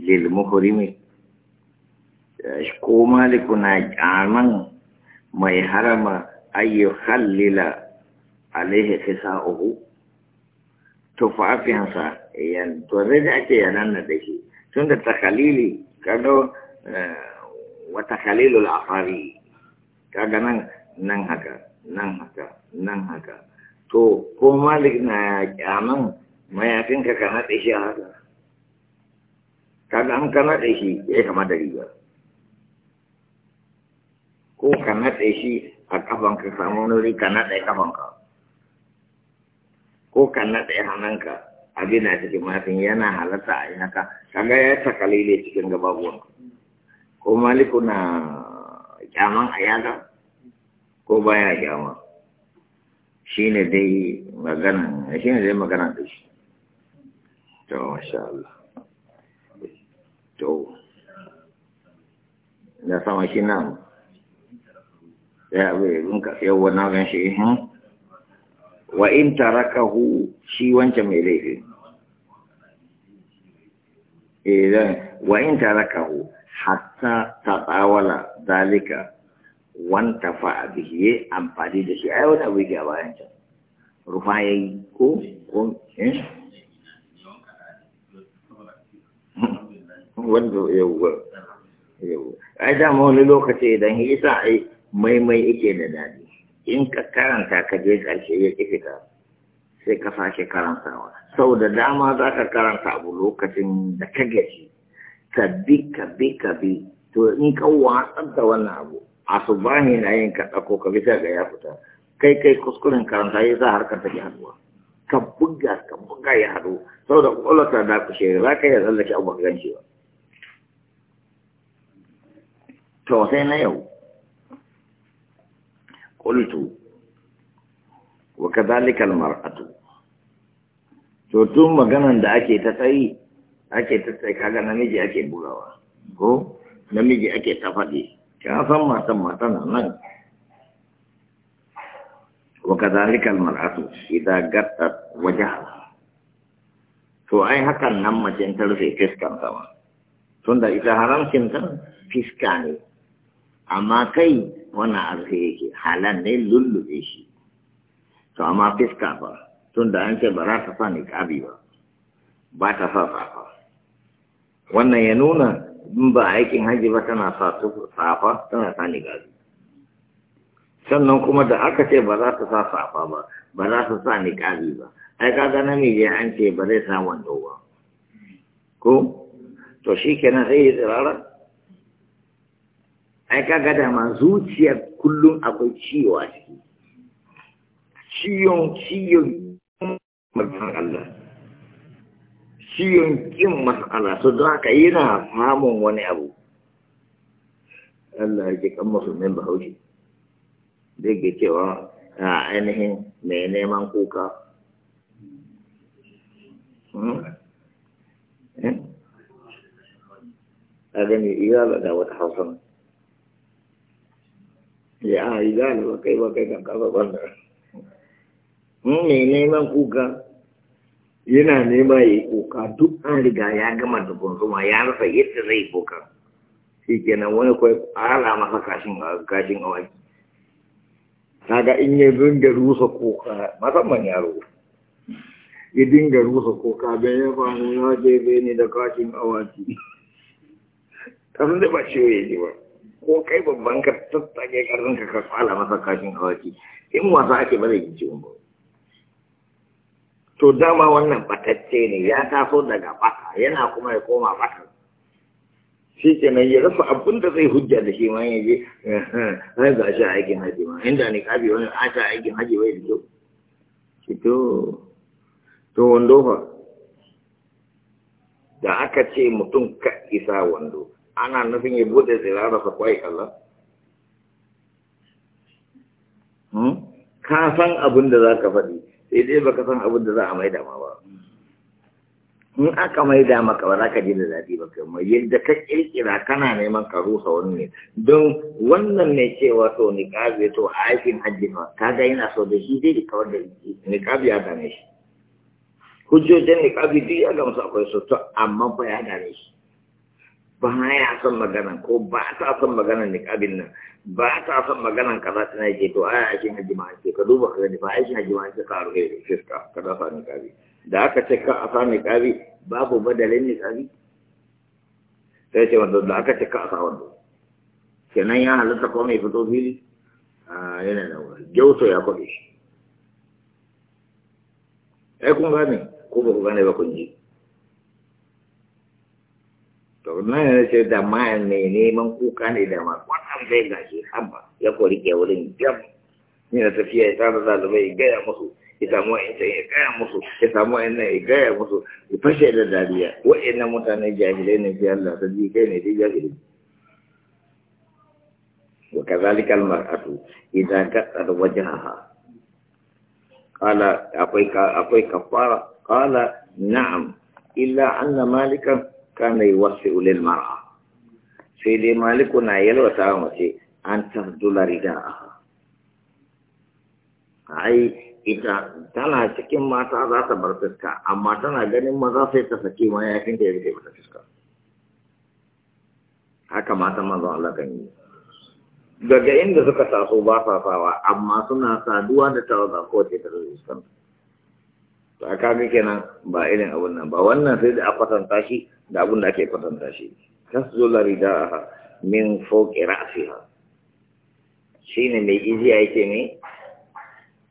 lil muhrimi ko maliku na kyaman mai harama ayyu khallila alaihi hisa'uhu tufafinsa to zai da ake yanan na da shi tun da takalili kado eh, wa takalilul afari kaga nan nan haka nan haka nan haka to ko malik na kyaman mayafinka ka haɗe shi haka kaga an kana da shi ya kama da riga ko ka shi a kafanka samu wani ka natse kafanka ko ka natse hannunka abin na cikin mafin yana halatta a yi haka kaga ya ta kalile cikin gababuwan ko maliku na kyaman a yaga ko baya kyama shine dai magana shine dai magana da shi to masha Allah to na sama shi nan ya bai runka yawwa na gan shi hmm? wa in tarakahu shi wancan mai laifi idan eh, wa in tarakahu hatta tsawala zalika wanta fa bihi amfani da shi ai wani abu ya bayan can rufa yayi ko ko eh wanda yawwa yawwa ai dama wani lokaci idan isa ai maimai ike da daɗi in ka karanta ka je karshe ya ƙi fita sai ka sake karantawa sau da dama za ka karanta abu lokacin da ka gaji ka bi ka bi ka bi to in ka watsar da wannan abu a su bani na yin ka ɗauko ka bi ga ya fita kai kai kuskuren karanta ya sa harkar ke haduwa ka buga ka buga ya haɗu da ƙwaƙwalwa ta da kushe za ka iya tsallake abu gan to sai na yau qultu wa kadhalika mar'atu, to tun maganan da ake ta tsayi ake ta tsayi kaga namiji ake bugawa ko namiji ake ta faɗi kan san matan matan nan wa mar'atu almar'atu idza gattat wajhaha to ai hakan nan mace ta rufe fiskan sama tunda ita haramcin ta fiska ne amma kai wannan arfe yake halan ne lullube shi to amma fiska ba, tun da an ce ba za ta sa ni kabi ba ba ta sa safa wannan ya nuna in ba aikin hajji ba tana sa safa tana sa ni ƙabi? sannan kuma da aka ce ba za ta sa safa ba ba za ta sa ni kabi ba ai ga namiji an ce ba zai sa wando ba ko to shi kenan sai ya tsirara ai kaga da ma zuciyar kullum akwai ciwo a ciki ciyon ciyon maganar Allah ciyon kin mas'ala su don haka yana samun wani abu Allah ya ji kan musulmin bahaushe zai ke cewa a ainihin mai neman kuka hmm? eh? a gani iya da wata hausa ya yi gane ba kai ba kai kan kafa kwanda hmm, mai neman kuka yana nema ya yi kuka duk an riga ya gama da gunzuma ya rasa yadda zai yi kuka shi kenan wani kwai ala masa kashin kashin awaki kaga in ya dinga rusa kuka musamman yaro ya dinga rusa kuka bai ya fahimu ya ce bai ne da kashin awaki kasan da ba ciwo ya ji ba ko kai babban ka tattage karfin ka ka masa kashin hawaki in wasa ake ba zai yi ciwon ba to dama wannan batacce ne ya taso daga baka yana kuma ya koma baka shi nan ya rasa abin da zai hujja da shi ma ya je ai ga shi aikin haji ma inda ne kabi wani a aikin haji wai da kyau to to wando fa da aka ce mutum ka isa wando ana nufin ya bude zirararsa kwai kallon hmm? ka san abin da za ka faɗi sai dai baka san abin da za a maida ma ba in aka maida maka ba za ka ji da daɗi ba kai mai yadda ka ƙirƙira kana neman ka rusa wani ne don wannan mai cewa to niƙabi to aikin hajji ma ka ga yana so da shi dai kawar da niƙabi ya gane shi hujjojin niƙabi duk ya gamsu akwai su to amma ba ya gane shi ba ya son magana ko ba ta son maganan niƙabin nan ba ta son maganan kaza tana yake to ai aikin haji ma ce ka duba ka gani ba a haji ma ce ka rufe fiska ka dafa niƙabi da aka ce ka a sa niƙabi babu badalin niƙabi sai ce wanda da aka ce ka a sa wanda kenan ya halatta ko mai fito fili a yana da wani gyauto ya kwaɗe shi ai kun gane ko ba ku gane ba kun ji to nan ya ce da ma ne neman kuka ne da ma kwanan zai gashi haba ya kori ke wurin jam ni na tafiya ya tara dalibai ya musu ya samu wa'ancan ya ya musu ya samu wa'annan ya ya musu ya fashe da dariya wa'annan mutane jahilai ne fi Allah sabbi kai ne dai jahilai وكذلك المرأة إذا كثر وجهها akwai أقوي كفارة قال نعم إلا أن مالكا kana yuwassi'u lil mar'a sai dai maliku na yalwata mace an tahdula ita tana cikin mata za ta bar fuska amma tana ganin maza sai ta sake ma ya kinta ya rike mata fuska haka mata maza Allah yi daga inda suka taso ba sa sawa amma suna saduwa da tawaga ko ce ta fuskanta to a kaga kenan ba irin abun nan ba wannan sai da a kwatanta shi da abun da ake kwatanta shi tasdula ridaha min fawqi shi shine mai a yake ne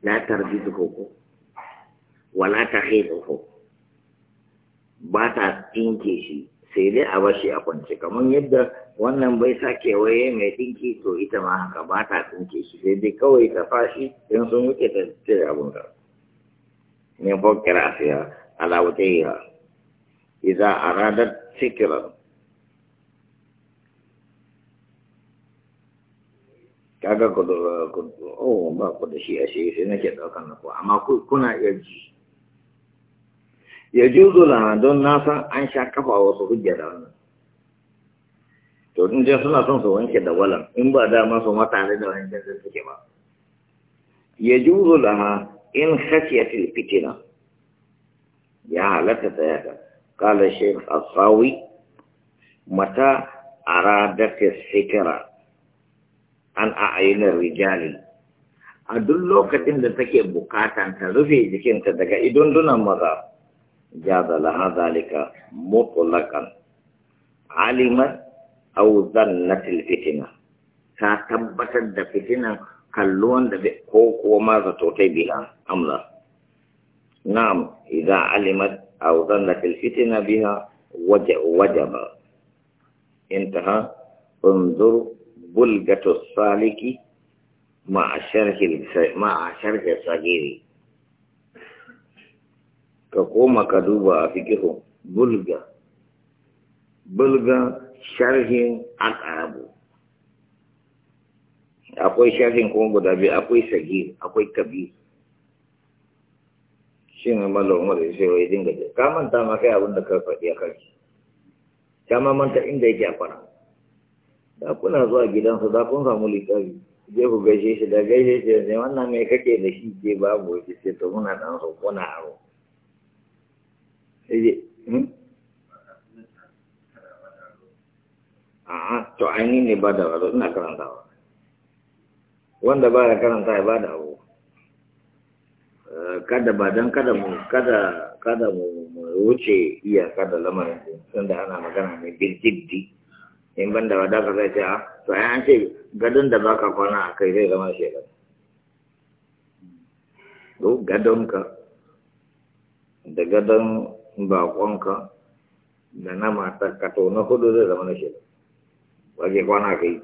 la tarjidu koko wala ta takhiduhu ba ta tinke shi sai dai a bashi a kwance kamar yadda wannan bai sa kewaye mai dinki to ita ma haka ba ta tinke shi sai dai kawai ta fashi in sun wuce ta cire abun da من فوق رأسها على وجهها إذا أرادت فكرا kaga ku da oh ba ku da shi a shi sai nake kan ku amma ku kuna iya ji ya juzu la don na san an sha kafa wasu hujja da wannan to in je suna son su wanke da walan in ba dama su ne da wanke da suke ba ya juzu la in khashiyatil fitina ya halarta ta yaka kala shaykh asawi mata aradat sikra an a'ayna rijali a duk lokacin da take bukatan ta rufe jikinta daga idundunan maza jaza laha zalika mutlaqan alimat aw dhannat fitina ta tabbatar da fitinan kalluwan da ko kuwa ma zato ta biya amla na'am idan alimat aw dhanna fil fitna biha wajaba intaha انظر بلغة السالك مع شرح مع شرح الصغير كقوم كدوبا فكه بلغة بلغة شرح أقرب akwai shafin kuma guda biyu akwai sagi akwai kabi shi ne malon umar da shi wai dinga je ka manta ma kai abin da ka faɗi a karki. ka ma manta inda yake a fara da kuna zuwa gidansa da kun samu littafi je ku gaishe shi da gaishe shi ne wannan mai kake da shi ke babu shi ce to muna dan roƙo na aro hmm? a'a to ainihin ne ba da ina karantawa wanda ba ya karanta ya ba da abu eh, kada ba don kada mu kada kada mu wuce iyaka da lamarin sun da ana magana ne bil in ban da wadaka zai ce a ah, to ai an ce gadon da baka kwana a kai zai zama shekaru to ka, da gadon bakonka da na mata kato na hudu zai zama na shekaru waje kwana kai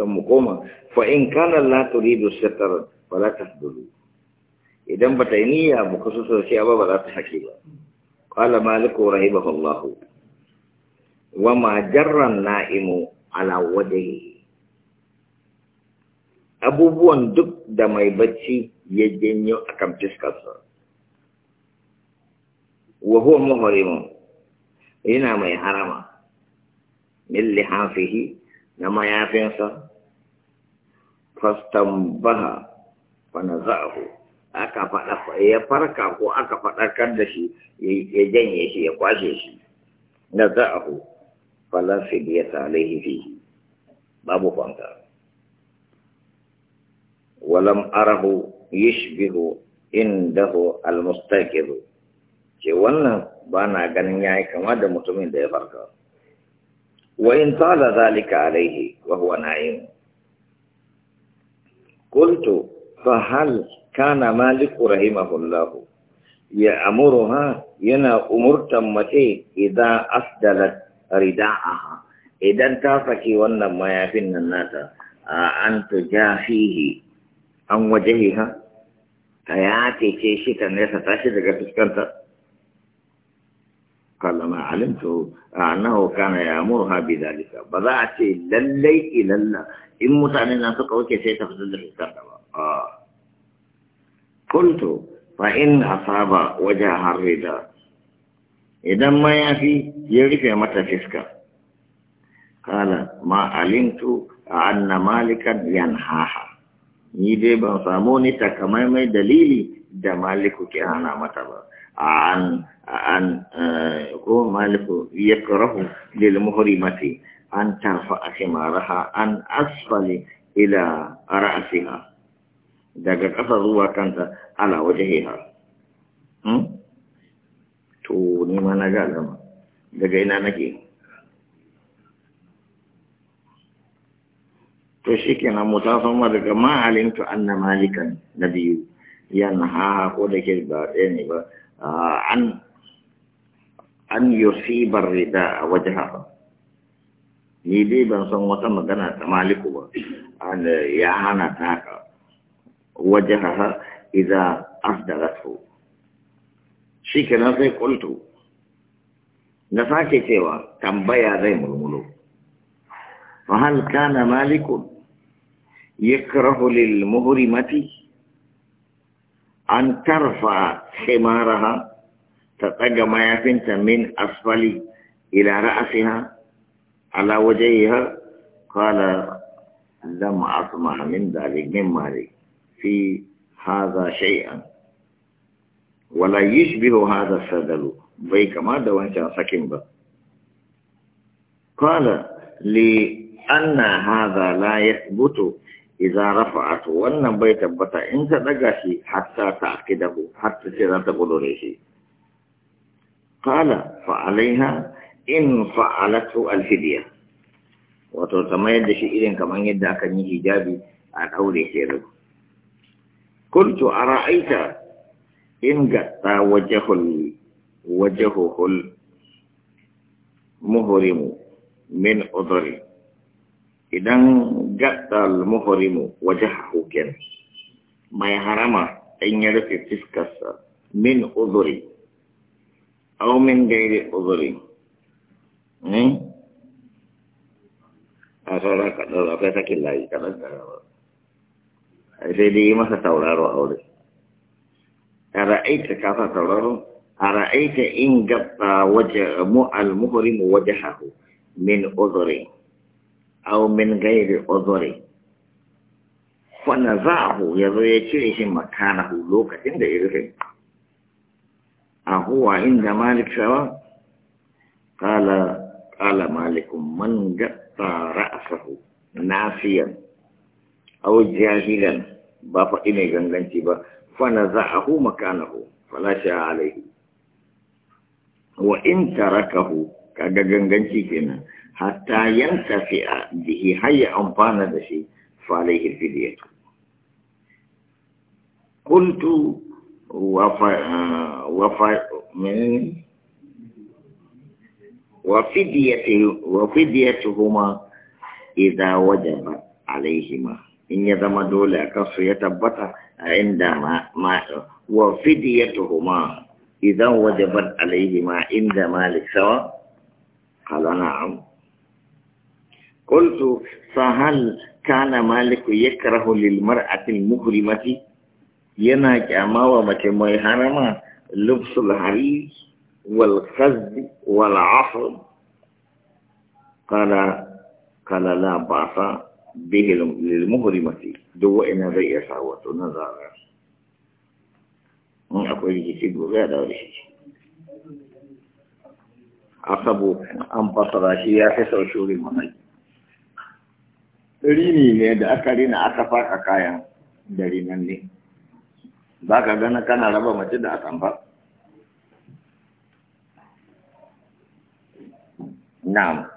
don mu koma fa in kana la turidu satara wala tasdulu idan bata yi niyya ba ku so sai ba ba za ta sake ba qala maliku rahimahullahu wa ma jarra na'imu ala abubuwan duk da mai bacci ya janyo akan fiskarsa wa huwa muhrimun yana mai harama min lihafihi na mayafinsa Fastan baha fastambaha za'ahu aka faɗa ya farka ko aka faɗakar da shi ya janye shi ya kwashe shi na za'ahu falasir ya salihi fi babu fanka walam arahu yishbihu indahu almustaqiru ce wannan ba na ganin ya yi kama da mutumin da ya farka wa in tala zalika alaihi wa huwa na'im Kuntu fahal kana maliku rahimahullahu. Ya ha? yana umurtan mace idza asdalat rida'aha. Idan ta saki wannan mayafin nan nata a an tujahihi an ha? ta ya tece shi ta nesa tashi daga fuskanta. Kalla ma alimtu a nahu kana ya amuruha bi dalika. Ba za a ce lallai ilalla in mutane na suka wuce sai ta fita da fitar da ba kuntu fa in asaba waje da. idan mayafi ya rufe mata fiska kala ma alimtu anna malikan haha. ni dai ban samu ni takamaimai dalili da maliku ke hana mata ba an an eh, ko maliku yakrahu lil mati. أن ترفع خمارها عن أسفل إلى رأسها daga ƙasa zuwa kanta ala wajahiha to ni ma na ga alama daga ina nake to shi kenan mu ta san daga ma alimtu anna malikan na biyu yanha ko da ke ba ɗaya ne ba an an yusibar rida a wajaha ni dai ban san wata magana ta maliku ba ya hana ta haka wajen haka idan asdaratu shi kenan sai kultu na sake cewa tambaya zai murmulo fahal hal kana malikun yakrahu lil mati. an tarfa himaraha ta tsaga mayafinta min asfali ila ha? على وجهها قال لم أسمع من ذلك من مالي في هذا شيئا ولا يشبه هذا السدل بيك ما دوان شاسكين با قال لأن هذا لا يثبت إذا رفعت وأن بيت بطا إن تدقشي حتى تعقده حتى ترى تقول قال فعليها in fa'alatu alfidiya wato ta yadda da shi irin kamar yadda aka yi hijabi a daure shi da kuntu a ra'aita in gatta wajahul wajahuhul muhrimu min udri idan gatta muhrimu wajahuhu kenan mai harama in ya rufe fiskarsa min udri aw min gairi udri ne a sauran kaɗa za kai sakin layi kaɗan da rawa sai dai yi masa tauraro a wuri a ra'aita kasa tauraro a ra'aita in gaba waje mu'almuhuri mu waje haku min uzuri au min gairi uzuri wannan za'ahu ya zo ya cire shi makanahu lokacin da ya rufe a huwa inda malik sawa kala qala malikum man gatta ra'sahu nasiyan aw jahilan ba fa ine ganganci ba fa naza'ahu makanahu fala sha alayhi wa in tarakahu kaga ganganci kenan hatta yantafi'a bihi hayya amfana da shi fa alayhi fidiyah kuntu Wafa, Wafa wa fa وفديته وفديتهما إذا وجب عليهما إن يذم دولا كص يتبت عندما ما وفديتهما إذا وجبت عليهما عند مالك سواء قال نعم قلت فهل كان مالك يكره للمرأة المكرمة يناجى ما ومتى ما يحرم لبس الحريش والكذب والعصر قال قال لا باس به للمهرمة دو إن رئي سعوة نظر أقول لك شيء asabu an fasara shi ya fi sau shuri rini ne da aka rina aka faka kayan da rinan ne ba ka gana kana raba mace da ba. Na'am.